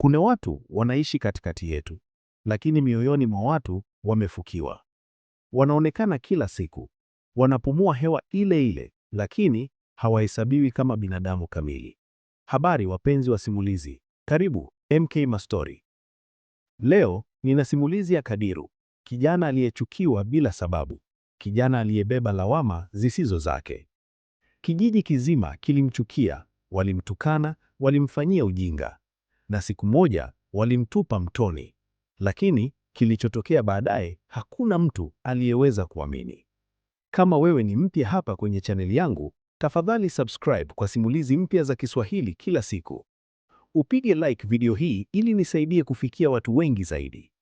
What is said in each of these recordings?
Kuna watu wanaishi katikati yetu, lakini mioyoni mwa watu wamefukiwa. Wanaonekana kila siku, wanapumua hewa ile ile, lakini hawahesabiwi kama binadamu kamili. Habari wapenzi wa simulizi, karibu MK Mastori. Leo nina simulizi ya Kadiru, kijana aliyechukiwa bila sababu, kijana aliyebeba lawama zisizo zake. Kijiji kizima kilimchukia, walimtukana, walimfanyia ujinga, na siku moja walimtupa mtoni, lakini kilichotokea baadaye hakuna mtu aliyeweza kuamini. Kama wewe ni mpya hapa kwenye chaneli yangu, tafadhali subscribe kwa simulizi mpya za Kiswahili kila siku. Upige like video hii ili nisaidie kufikia watu wengi zaidi.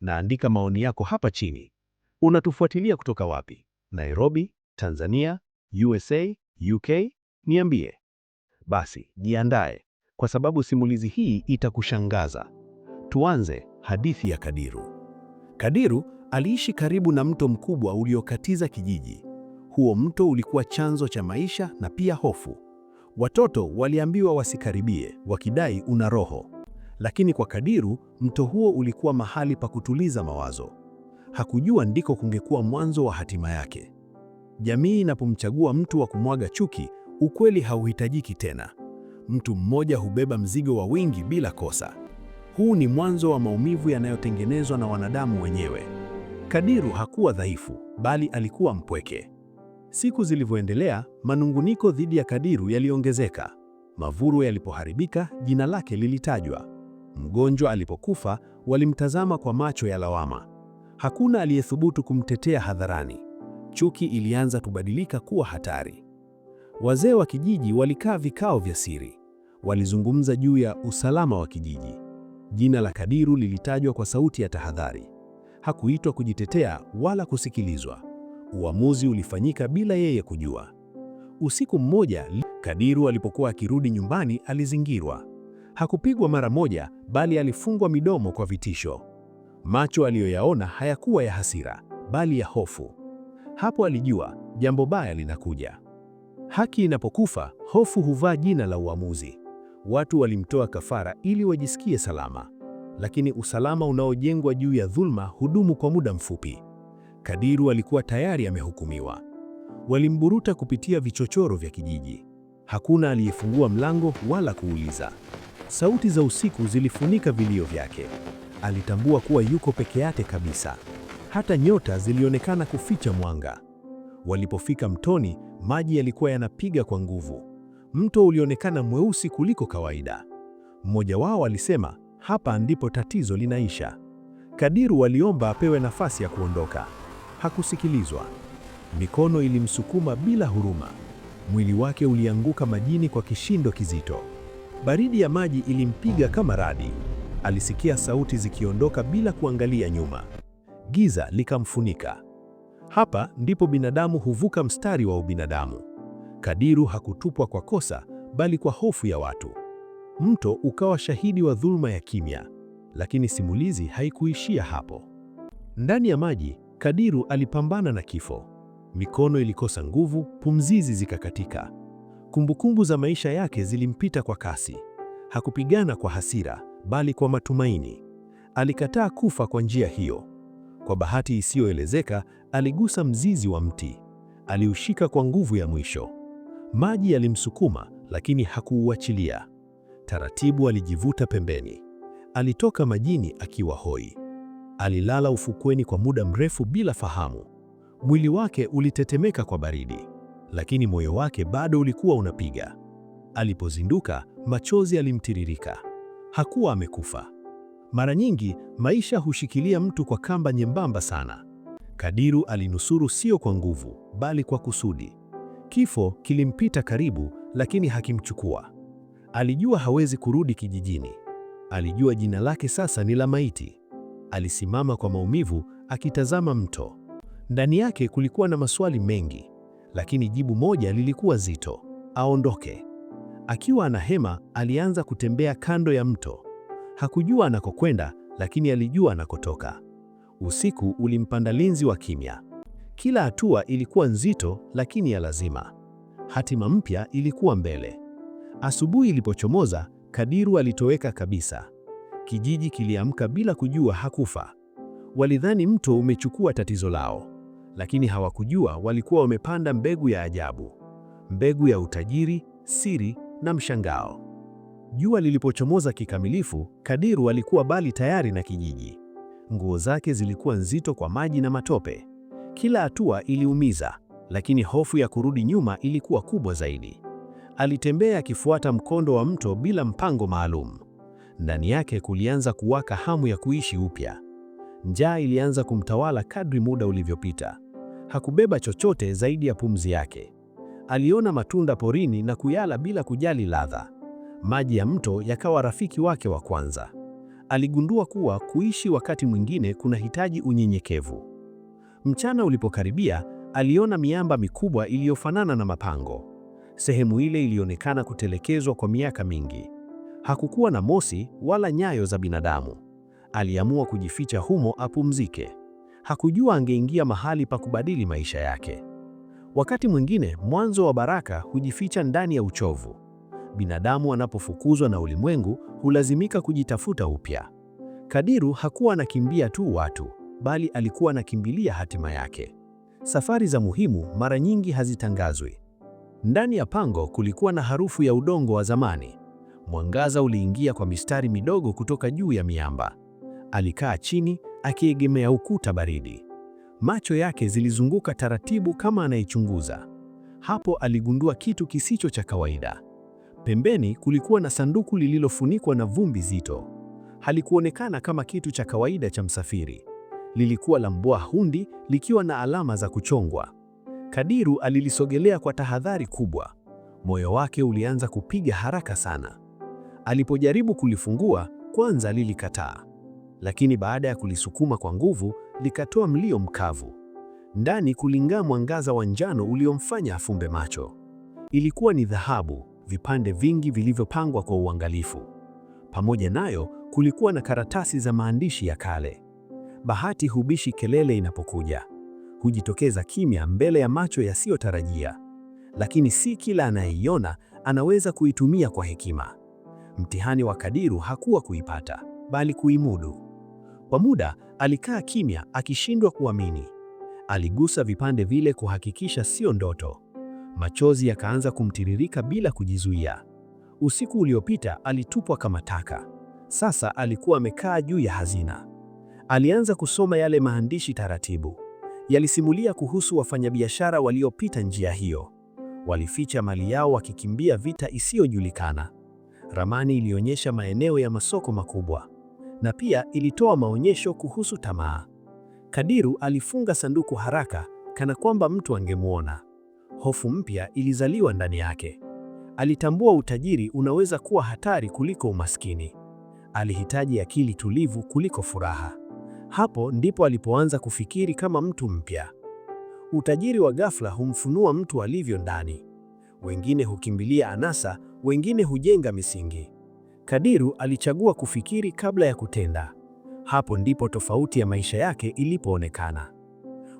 Naandika maoni yako hapa chini. Unatufuatilia kutoka wapi? Nairobi, Tanzania, USA, UK? Niambie. Basi, jiandae kwa sababu simulizi hii itakushangaza. Tuanze hadithi ya Kadiru. Kadiru aliishi karibu na mto mkubwa uliokatiza kijiji. Huo mto ulikuwa chanzo cha maisha na pia hofu. Watoto waliambiwa wasikaribie, wakidai una roho. Lakini kwa Kadiru, mto huo ulikuwa mahali pa kutuliza mawazo. Hakujua ndiko kungekuwa mwanzo wa hatima yake. Jamii inapomchagua mtu wa kumwaga chuki, ukweli hauhitajiki tena mtu mmoja hubeba mzigo wa wingi bila kosa. Huu ni mwanzo wa maumivu yanayotengenezwa na wanadamu wenyewe. Kadiru hakuwa dhaifu, bali alikuwa mpweke. Siku zilivyoendelea, manunguniko dhidi ya Kadiru yaliongezeka. Mavuru yalipoharibika, jina lake lilitajwa. Mgonjwa alipokufa, walimtazama kwa macho ya lawama. Hakuna aliyethubutu kumtetea hadharani. Chuki ilianza kubadilika kuwa hatari. Wazee wa kijiji walikaa vikao vya siri, walizungumza juu ya usalama wa kijiji. Jina la Kadiru lilitajwa kwa sauti ya tahadhari. Hakuitwa kujitetea wala kusikilizwa. Uamuzi ulifanyika bila yeye kujua. Usiku mmoja, Kadiru alipokuwa akirudi nyumbani, alizingirwa. Hakupigwa mara moja, bali alifungwa midomo kwa vitisho. Macho aliyoyaona hayakuwa ya hasira, bali ya hofu. Hapo alijua jambo baya linakuja. Haki inapokufa, hofu huvaa jina la uamuzi. Watu walimtoa kafara ili wajisikie salama, lakini usalama unaojengwa juu ya dhulma hudumu kwa muda mfupi. Kadiru alikuwa tayari amehukumiwa. Walimburuta kupitia vichochoro vya kijiji. Hakuna aliyefungua mlango wala kuuliza. Sauti za usiku zilifunika vilio vyake. Alitambua kuwa yuko peke yake kabisa. Hata nyota zilionekana kuficha mwanga. Walipofika mtoni, maji yalikuwa yanapiga kwa nguvu. Mto ulionekana mweusi kuliko kawaida. Mmoja wao alisema, hapa ndipo tatizo linaisha. Kadiru waliomba apewe nafasi ya kuondoka. Hakusikilizwa. Mikono ilimsukuma bila huruma. Mwili wake ulianguka majini kwa kishindo kizito. Baridi ya maji ilimpiga kama radi. Alisikia sauti zikiondoka bila kuangalia nyuma. Giza likamfunika. Hapa ndipo binadamu huvuka mstari wa ubinadamu. Kadiru hakutupwa kwa kosa, bali kwa hofu ya watu. Mto ukawa shahidi wa dhuluma ya kimya, lakini simulizi haikuishia hapo. Ndani ya maji, Kadiru alipambana na kifo. Mikono ilikosa nguvu, pumzizi zikakatika. Kumbukumbu za maisha yake zilimpita kwa kasi. Hakupigana kwa hasira, bali kwa matumaini. Alikataa kufa kwa njia hiyo. Kwa bahati isiyoelezeka, aligusa mzizi wa mti. Aliushika kwa nguvu ya mwisho. Maji yalimsukuma, lakini hakuuachilia. Taratibu alijivuta pembeni. Alitoka majini akiwa hoi. Alilala ufukweni kwa muda mrefu bila fahamu. Mwili wake ulitetemeka kwa baridi, lakini moyo wake bado ulikuwa unapiga. Alipozinduka, machozi alimtiririka. Hakuwa amekufa, mara nyingi maisha hushikilia mtu kwa kamba nyembamba sana. Kadiru alinusuru sio kwa nguvu, bali kwa kusudi. Kifo kilimpita karibu, lakini hakimchukua. Alijua hawezi kurudi kijijini. Alijua jina lake sasa ni la maiti. Alisimama kwa maumivu, akitazama mto. Ndani yake kulikuwa na maswali mengi, lakini jibu moja lilikuwa zito: aondoke. Akiwa anahema, alianza kutembea kando ya mto, Hakujua anakokwenda, lakini alijua anakotoka. Usiku ulimpanda linzi wa kimya. Kila hatua ilikuwa nzito, lakini ya lazima. Hatima mpya ilikuwa mbele. Asubuhi ilipochomoza, Kadiru alitoweka kabisa. Kijiji kiliamka bila kujua hakufa. Walidhani mto umechukua tatizo lao, lakini hawakujua walikuwa wamepanda mbegu ya ajabu, mbegu ya utajiri, siri na mshangao. Jua lilipochomoza kikamilifu, Kadiru alikuwa bali tayari na kijiji. Nguo zake zilikuwa nzito kwa maji na matope. Kila hatua iliumiza, lakini hofu ya kurudi nyuma ilikuwa kubwa zaidi. Alitembea akifuata mkondo wa mto bila mpango maalum. Ndani yake kulianza kuwaka hamu ya kuishi upya. Njaa ilianza kumtawala kadri muda ulivyopita. Hakubeba chochote zaidi ya pumzi yake. Aliona matunda porini na kuyala bila kujali ladha. Maji ya mto yakawa rafiki wake wa kwanza. Aligundua kuwa kuishi wakati mwingine kunahitaji unyenyekevu. Mchana ulipokaribia, aliona miamba mikubwa iliyofanana na mapango. Sehemu ile ilionekana kutelekezwa kwa miaka mingi. Hakukuwa na mosi wala nyayo za binadamu. Aliamua kujificha humo apumzike. Hakujua angeingia mahali pa kubadili maisha yake. Wakati mwingine mwanzo wa baraka hujificha ndani ya uchovu binadamu anapofukuzwa na ulimwengu hulazimika kujitafuta upya. Kadiru hakuwa anakimbia tu watu, bali alikuwa anakimbilia hatima yake. Safari za muhimu mara nyingi hazitangazwi. Ndani ya pango kulikuwa na harufu ya udongo wa zamani. Mwangaza uliingia kwa mistari midogo kutoka juu ya miamba. Alikaa chini akiegemea ukuta baridi. Macho yake zilizunguka taratibu kama anayechunguza. Hapo aligundua kitu kisicho cha kawaida. Pembeni kulikuwa na sanduku lililofunikwa na vumbi zito. Halikuonekana kama kitu cha kawaida cha msafiri. Lilikuwa la mbwa hundi likiwa na alama za kuchongwa. Kadiru alilisogelea kwa tahadhari kubwa. Moyo wake ulianza kupiga haraka sana. Alipojaribu kulifungua, kwanza lilikataa. Lakini baada ya kulisukuma kwa nguvu, likatoa mlio mkavu. Ndani kuling'aa mwangaza wa njano uliomfanya afumbe macho. Ilikuwa ni dhahabu vipande vingi vilivyopangwa kwa uangalifu. Pamoja nayo kulikuwa na karatasi za maandishi ya kale. Bahati hubishi kelele inapokuja, hujitokeza kimya mbele ya macho yasiyotarajia, lakini si kila anayeiona anaweza kuitumia kwa hekima. Mtihani wa Kadiru hakuwa kuipata, bali kuimudu. Kwa muda alikaa kimya, akishindwa kuamini. Aligusa vipande vile kuhakikisha sio ndoto. Machozi yakaanza kumtiririka bila kujizuia. Usiku uliopita alitupwa kama taka. Sasa alikuwa amekaa juu ya hazina. Alianza kusoma yale maandishi taratibu. Yalisimulia kuhusu wafanyabiashara waliopita njia hiyo. Walificha mali yao wakikimbia vita isiyojulikana. Ramani ilionyesha maeneo ya masoko makubwa na pia ilitoa maonyesho kuhusu tamaa. Kadiru alifunga sanduku haraka kana kwamba mtu angemwona. Hofu mpya ilizaliwa ndani yake. Alitambua utajiri unaweza kuwa hatari kuliko umaskini. Alihitaji akili tulivu kuliko furaha. Hapo ndipo alipoanza kufikiri kama mtu mpya. Utajiri wa ghafla humfunua mtu alivyo ndani. Wengine hukimbilia anasa, wengine hujenga misingi. Kadiru alichagua kufikiri kabla ya kutenda. Hapo ndipo tofauti ya maisha yake ilipoonekana.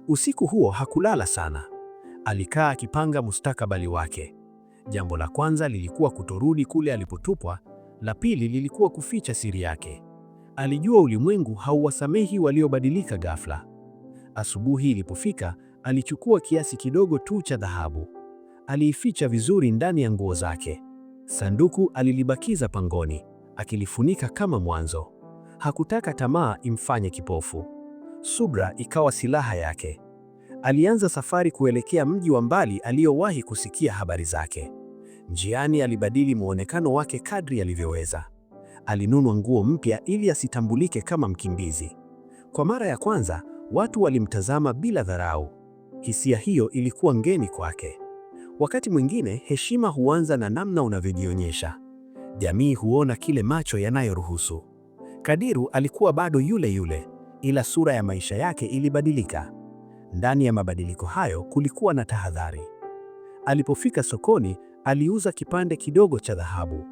Usiku huo hakulala sana. Alikaa akipanga mustakabali wake. Jambo la kwanza lilikuwa kutorudi kule alipotupwa, la pili lilikuwa kuficha siri yake. Alijua ulimwengu hauwasamehi waliobadilika ghafla. Asubuhi ilipofika, alichukua kiasi kidogo tu cha dhahabu. Aliificha vizuri ndani ya nguo zake. Sanduku alilibakiza pangoni, akilifunika kama mwanzo. Hakutaka tamaa imfanye kipofu. Subra ikawa silaha yake alianza safari kuelekea mji wa mbali aliyowahi kusikia habari zake. Njiani alibadili muonekano wake kadri alivyoweza. Alinunua nguo mpya ili asitambulike kama mkimbizi. Kwa mara ya kwanza, watu walimtazama bila dharau. Hisia hiyo ilikuwa ngeni kwake. Wakati mwingine, heshima huanza na namna unavyojionyesha. Jamii huona kile macho yanayoruhusu. Kadiru alikuwa bado yule yule, ila sura ya maisha yake ilibadilika. Ndani ya mabadiliko hayo kulikuwa na tahadhari. Alipofika sokoni, aliuza kipande kidogo cha dhahabu.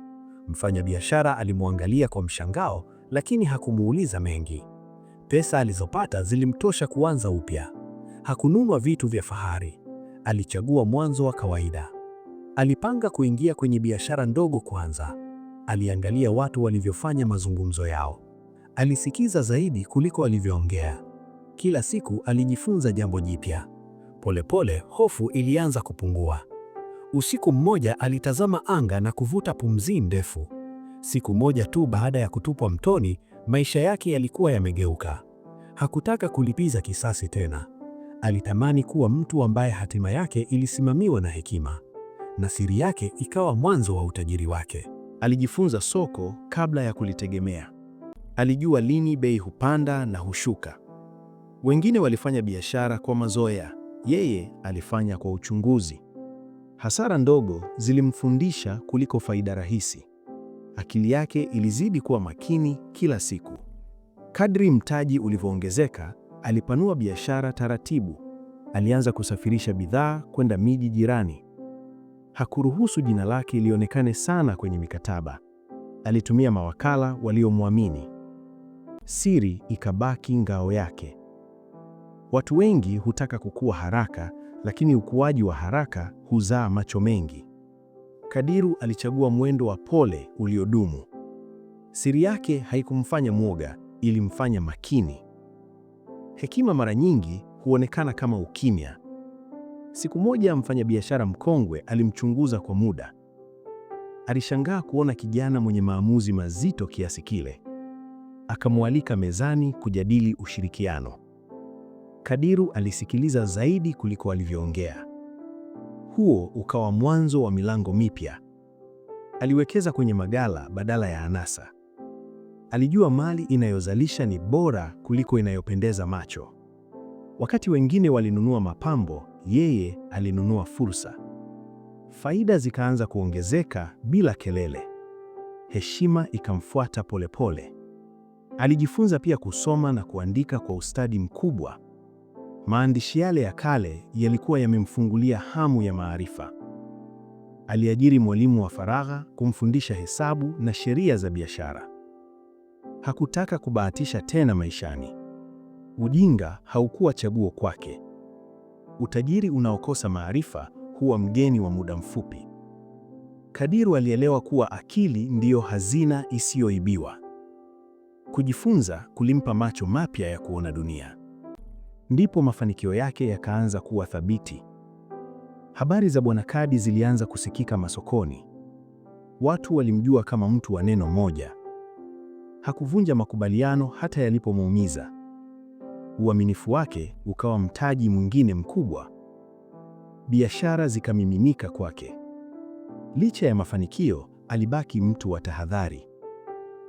Mfanyabiashara alimwangalia kwa mshangao, lakini hakumuuliza mengi. Pesa alizopata zilimtosha kuanza upya. Hakununua vitu vya fahari, alichagua mwanzo wa kawaida. Alipanga kuingia kwenye biashara ndogo kwanza. Aliangalia watu walivyofanya mazungumzo yao, alisikiza zaidi kuliko alivyoongea. Kila siku alijifunza jambo jipya. Polepole hofu ilianza kupungua. Usiku mmoja alitazama anga na kuvuta pumzi ndefu. Siku moja tu baada ya kutupwa mtoni, maisha yake yalikuwa yamegeuka. Hakutaka kulipiza kisasi tena. Alitamani kuwa mtu ambaye hatima yake ilisimamiwa na hekima, na siri yake ikawa mwanzo wa utajiri wake. Alijifunza soko kabla ya kulitegemea. Alijua lini bei hupanda na hushuka. Wengine walifanya biashara kwa mazoea, yeye alifanya kwa uchunguzi. Hasara ndogo zilimfundisha kuliko faida rahisi. Akili yake ilizidi kuwa makini kila siku. Kadri mtaji ulivyoongezeka, alipanua biashara taratibu. Alianza kusafirisha bidhaa kwenda miji jirani. Hakuruhusu jina lake lionekane sana kwenye mikataba. Alitumia mawakala waliomwamini. Siri ikabaki ngao yake. Watu wengi hutaka kukua haraka, lakini ukuaji wa haraka huzaa macho mengi. Kadiru alichagua mwendo wa pole uliodumu. Siri yake haikumfanya mwoga, ilimfanya makini. Hekima mara nyingi huonekana kama ukimya. Siku moja mfanyabiashara mkongwe alimchunguza kwa muda. Alishangaa kuona kijana mwenye maamuzi mazito kiasi kile. Akamwalika mezani kujadili ushirikiano. Kadiru alisikiliza zaidi kuliko alivyoongea. Huo ukawa mwanzo wa milango mipya. Aliwekeza kwenye magala badala ya anasa. Alijua mali inayozalisha ni bora kuliko inayopendeza macho. Wakati wengine walinunua mapambo, yeye alinunua fursa. Faida zikaanza kuongezeka bila kelele. Heshima ikamfuata polepole. Alijifunza pia kusoma na kuandika kwa ustadi mkubwa, Maandishi yale ya kale yalikuwa yamemfungulia hamu ya maarifa. Aliajiri mwalimu wa faragha kumfundisha hesabu na sheria za biashara. Hakutaka kubahatisha tena maishani. Ujinga haukuwa chaguo kwake. Utajiri unaokosa maarifa huwa mgeni wa muda mfupi. Kadiru alielewa kuwa akili ndiyo hazina isiyoibiwa. Kujifunza kulimpa macho mapya ya kuona dunia ndipo mafanikio yake yakaanza kuwa thabiti. Habari za Bwana Kadi zilianza kusikika masokoni. Watu walimjua kama mtu wa neno moja. Hakuvunja makubaliano hata yalipomuumiza. Uaminifu wake ukawa mtaji mwingine mkubwa. Biashara zikamiminika kwake. Licha ya mafanikio, alibaki mtu wa tahadhari.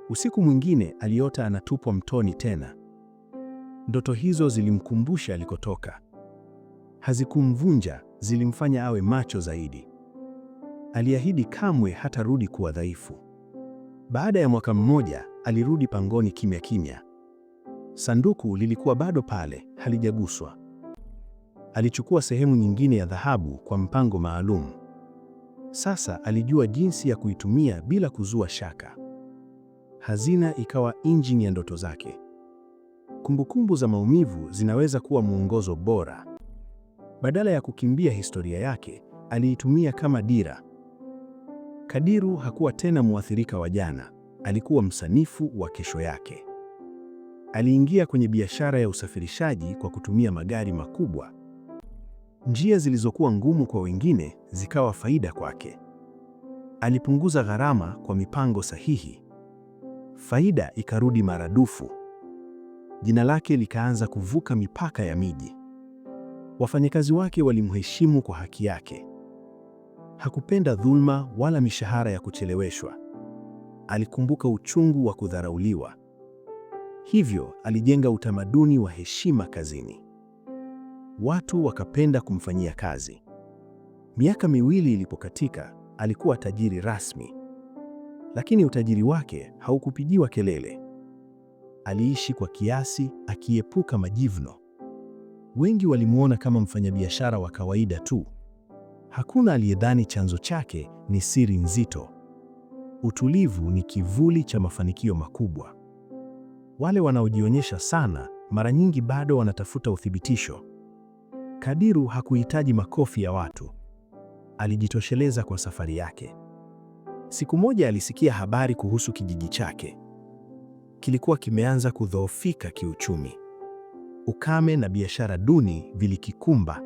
Usiku mwingine aliota anatupwa mtoni tena. Ndoto hizo zilimkumbusha alikotoka. Hazikumvunja, zilimfanya awe macho zaidi. Aliahidi kamwe hatarudi kuwa dhaifu. Baada ya mwaka mmoja, alirudi pangoni kimya kimya. Sanduku lilikuwa bado pale, halijaguswa. Alichukua sehemu nyingine ya dhahabu kwa mpango maalum. Sasa alijua jinsi ya kuitumia bila kuzua shaka. Hazina ikawa injini ya ndoto zake kumbukumbu za maumivu zinaweza kuwa mwongozo bora. Badala ya kukimbia historia yake, aliitumia kama dira. Kadiru hakuwa tena mwathirika wa jana, alikuwa msanifu wa kesho yake. Aliingia kwenye biashara ya usafirishaji kwa kutumia magari makubwa. Njia zilizokuwa ngumu kwa wengine zikawa faida kwake. Alipunguza gharama kwa mipango sahihi. Faida ikarudi maradufu jina lake likaanza kuvuka mipaka ya miji. Wafanyakazi wake walimheshimu kwa haki yake. Hakupenda dhulma wala mishahara ya kucheleweshwa. Alikumbuka uchungu wa kudharauliwa. Hivyo alijenga utamaduni wa heshima kazini. Watu wakapenda kumfanyia kazi. Miaka miwili ilipokatika, alikuwa tajiri rasmi. Lakini utajiri wake haukupigiwa kelele aliishi kwa kiasi, akiepuka majivuno. Wengi walimwona kama mfanyabiashara wa kawaida tu. Hakuna aliyedhani chanzo chake ni siri nzito. Utulivu ni kivuli cha mafanikio makubwa. Wale wanaojionyesha sana mara nyingi bado wanatafuta uthibitisho. Kadiru hakuhitaji makofi ya watu. Alijitosheleza kwa safari yake. Siku moja alisikia habari kuhusu kijiji chake kilikuwa kimeanza kudhoofika kiuchumi. Ukame na biashara duni vilikikumba.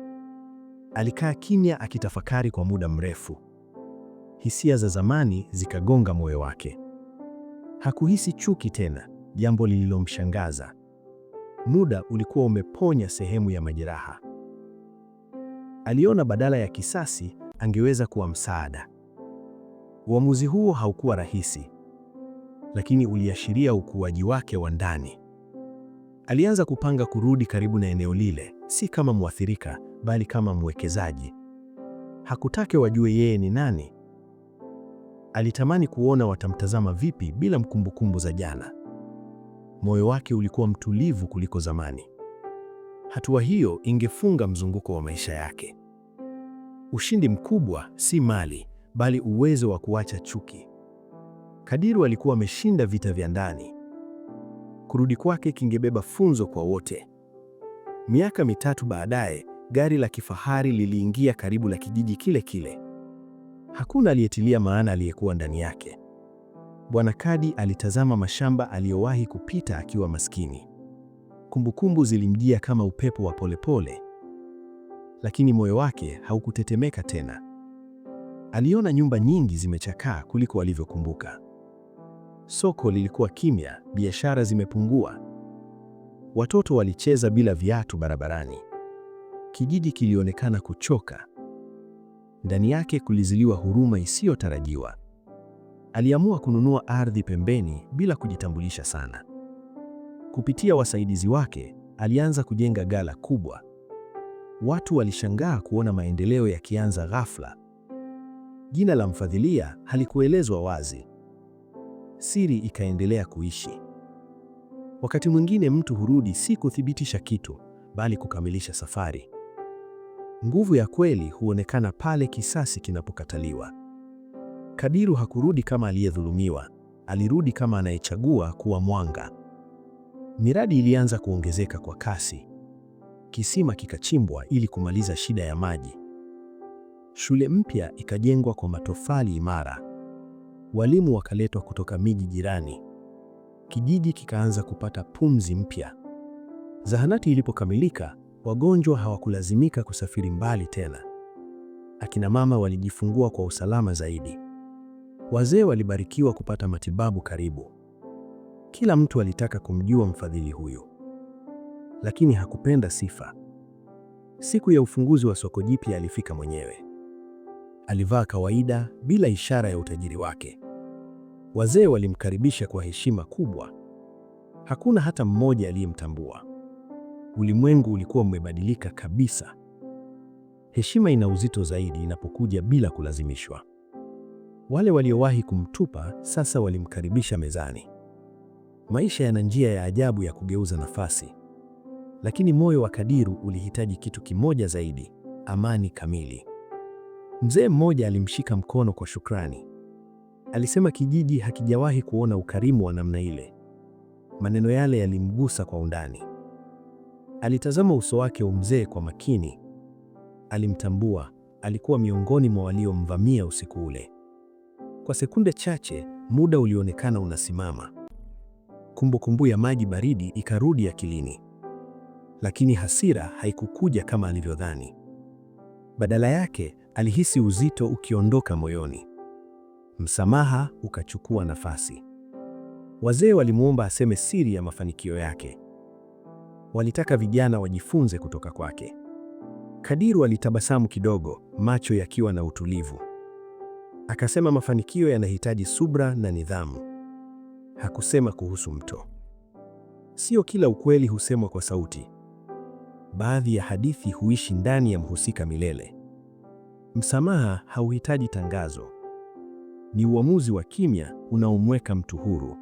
Alikaa kimya akitafakari kwa muda mrefu. Hisia za zamani zikagonga moyo wake. Hakuhisi chuki tena, jambo lililomshangaza. Muda ulikuwa umeponya sehemu ya majeraha. Aliona badala ya kisasi angeweza kuwa msaada. Uamuzi huo haukuwa rahisi, lakini uliashiria ukuaji wake wa ndani. Alianza kupanga kurudi karibu na eneo lile, si kama mwathirika, bali kama mwekezaji. hakutake wajue yeye ni nani. Alitamani kuona watamtazama vipi bila mkumbukumbu za jana. Moyo wake ulikuwa mtulivu kuliko zamani. Hatua hiyo ingefunga mzunguko wa maisha yake. Ushindi mkubwa si mali, bali uwezo wa kuacha chuki. Kadiru alikuwa ameshinda vita vya ndani. Kurudi kwake kingebeba funzo kwa wote. Miaka mitatu baadaye, gari la kifahari liliingia karibu la kijiji kile kile. Hakuna aliyetilia maana aliyekuwa ndani yake. Bwana Kadi alitazama mashamba aliyowahi kupita akiwa maskini. Kumbukumbu zilimjia kama upepo wa polepole, lakini moyo wake haukutetemeka tena. Aliona nyumba nyingi zimechakaa kuliko alivyokumbuka. Soko lilikuwa kimya, biashara zimepungua. Watoto walicheza bila viatu barabarani. Kijiji kilionekana kuchoka. Ndani yake kuliziliwa huruma isiyotarajiwa. Aliamua kununua ardhi pembeni bila kujitambulisha sana. Kupitia wasaidizi wake, alianza kujenga ghala kubwa. Watu walishangaa kuona maendeleo yakianza ghafla. Jina la mfadhilia halikuelezwa wazi, siri ikaendelea kuishi. Wakati mwingine mtu hurudi si kuthibitisha kitu, bali kukamilisha safari. Nguvu ya kweli huonekana pale kisasi kinapokataliwa. Kadiru hakurudi kama aliyedhulumiwa, alirudi kama anayechagua kuwa mwanga. Miradi ilianza kuongezeka kwa kasi. Kisima kikachimbwa ili kumaliza shida ya maji. Shule mpya ikajengwa kwa matofali imara. Walimu wakaletwa kutoka miji jirani. Kijiji kikaanza kupata pumzi mpya. Zahanati ilipokamilika, wagonjwa hawakulazimika kusafiri mbali tena. Akina mama walijifungua kwa usalama zaidi. Wazee walibarikiwa kupata matibabu karibu. Kila mtu alitaka kumjua mfadhili huyu, lakini hakupenda sifa. Siku ya ufunguzi wa soko jipya alifika mwenyewe. Alivaa kawaida bila ishara ya utajiri wake. Wazee walimkaribisha kwa heshima kubwa. Hakuna hata mmoja aliyemtambua. Ulimwengu ulikuwa umebadilika kabisa. Heshima ina uzito zaidi inapokuja bila kulazimishwa. Wale waliowahi kumtupa sasa walimkaribisha mezani. Maisha yana njia ya ajabu ya kugeuza nafasi, lakini moyo wa Kadiru ulihitaji kitu kimoja zaidi: amani kamili. Mzee mmoja alimshika mkono kwa shukrani, Alisema kijiji hakijawahi kuona ukarimu wa namna ile. Maneno yale yalimgusa kwa undani. Alitazama uso wake umzee kwa makini. Alimtambua, alikuwa miongoni mwa waliomvamia usiku ule. Kwa sekunde chache, muda ulionekana unasimama. Kumbukumbu ya maji baridi ikarudi akilini, lakini hasira haikukuja kama alivyodhani. Badala yake, alihisi uzito ukiondoka moyoni msamaha ukachukua nafasi. Wazee walimwomba aseme siri ya mafanikio yake, walitaka vijana wajifunze kutoka kwake. Kadiru alitabasamu kidogo, macho yakiwa na utulivu. Akasema mafanikio yanahitaji subra na nidhamu. Hakusema kuhusu mto. Sio kila ukweli husemwa kwa sauti. Baadhi ya hadithi huishi ndani ya mhusika milele. Msamaha hauhitaji tangazo. Ni uamuzi wa kimya unaomweka mtu huru.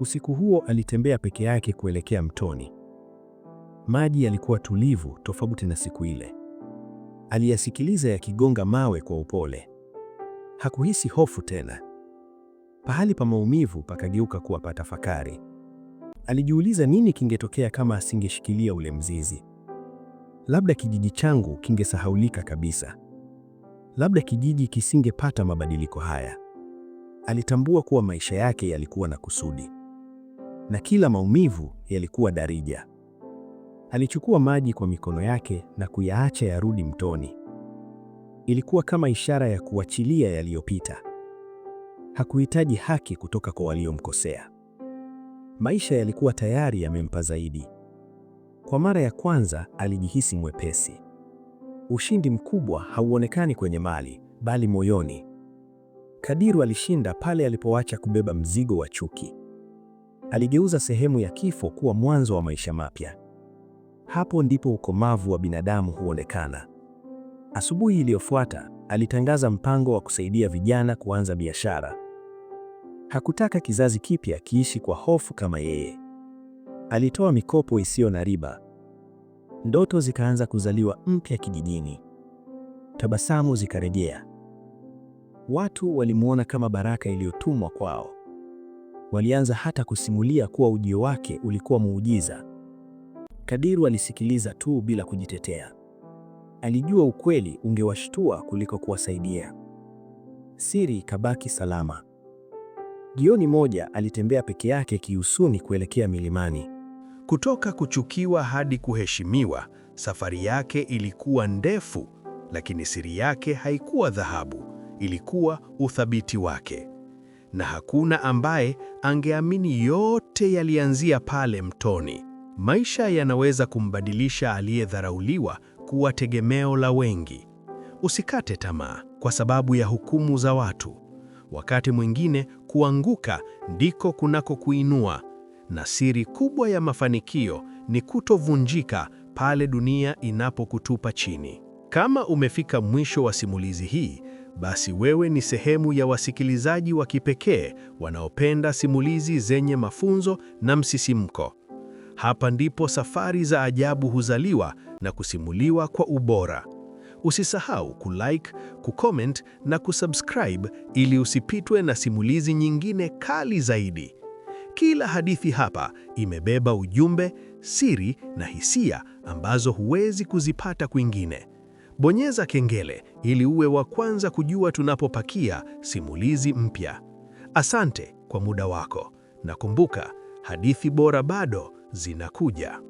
Usiku huo alitembea peke yake kuelekea mtoni. Maji yalikuwa tulivu tofauti na siku ile. Aliyasikiliza yakigonga mawe kwa upole. Hakuhisi hofu tena. Pahali pa maumivu pakageuka kuwa pa tafakari. Alijiuliza nini kingetokea kama asingeshikilia ule mzizi. Labda kijiji changu kingesahaulika kabisa labda kijiji kisingepata mabadiliko haya. Alitambua kuwa maisha yake yalikuwa na kusudi na kila maumivu yalikuwa darija. Alichukua maji kwa mikono yake na kuyaacha yarudi mtoni. Ilikuwa kama ishara ya kuachilia yaliyopita. Hakuhitaji haki kutoka kwa waliomkosea. Maisha yalikuwa tayari yamempa zaidi. Kwa mara ya kwanza alijihisi mwepesi. Ushindi mkubwa hauonekani kwenye mali, bali moyoni. Kadiru alishinda pale alipoacha kubeba mzigo wa chuki. Aligeuza sehemu ya kifo kuwa mwanzo wa maisha mapya. Hapo ndipo ukomavu wa binadamu huonekana. Asubuhi iliyofuata, alitangaza mpango wa kusaidia vijana kuanza biashara. Hakutaka kizazi kipya kiishi kwa hofu kama yeye. Alitoa mikopo isiyo na riba, ndoto zikaanza kuzaliwa mpya kijijini, tabasamu zikarejea. Watu walimwona kama baraka iliyotumwa kwao. Walianza hata kusimulia kuwa ujio wake ulikuwa muujiza. Kadiru alisikiliza tu bila kujitetea. Alijua ukweli ungewashtua kuliko kuwasaidia. Siri kabaki salama. Jioni moja alitembea peke yake Kiusuni kuelekea milimani. Kutoka kuchukiwa hadi kuheshimiwa, safari yake ilikuwa ndefu, lakini siri yake haikuwa dhahabu, ilikuwa uthabiti wake. Na hakuna ambaye angeamini yote yalianzia pale mtoni. Maisha yanaweza kumbadilisha aliyedharauliwa kuwa tegemeo la wengi. Usikate tamaa kwa sababu ya hukumu za watu. Wakati mwingine kuanguka ndiko kunakokuinua na siri kubwa ya mafanikio ni kutovunjika pale dunia inapokutupa chini. Kama umefika mwisho wa simulizi hii, basi wewe ni sehemu ya wasikilizaji wa kipekee wanaopenda simulizi zenye mafunzo na msisimko. Hapa ndipo safari za ajabu huzaliwa na kusimuliwa kwa ubora. Usisahau kulike, kucomment na kusubscribe ili usipitwe na simulizi nyingine kali zaidi. Kila hadithi hapa imebeba ujumbe, siri na hisia ambazo huwezi kuzipata kwingine. Bonyeza kengele ili uwe wa kwanza kujua tunapopakia simulizi mpya. Asante kwa muda wako na kumbuka, hadithi bora bado zinakuja.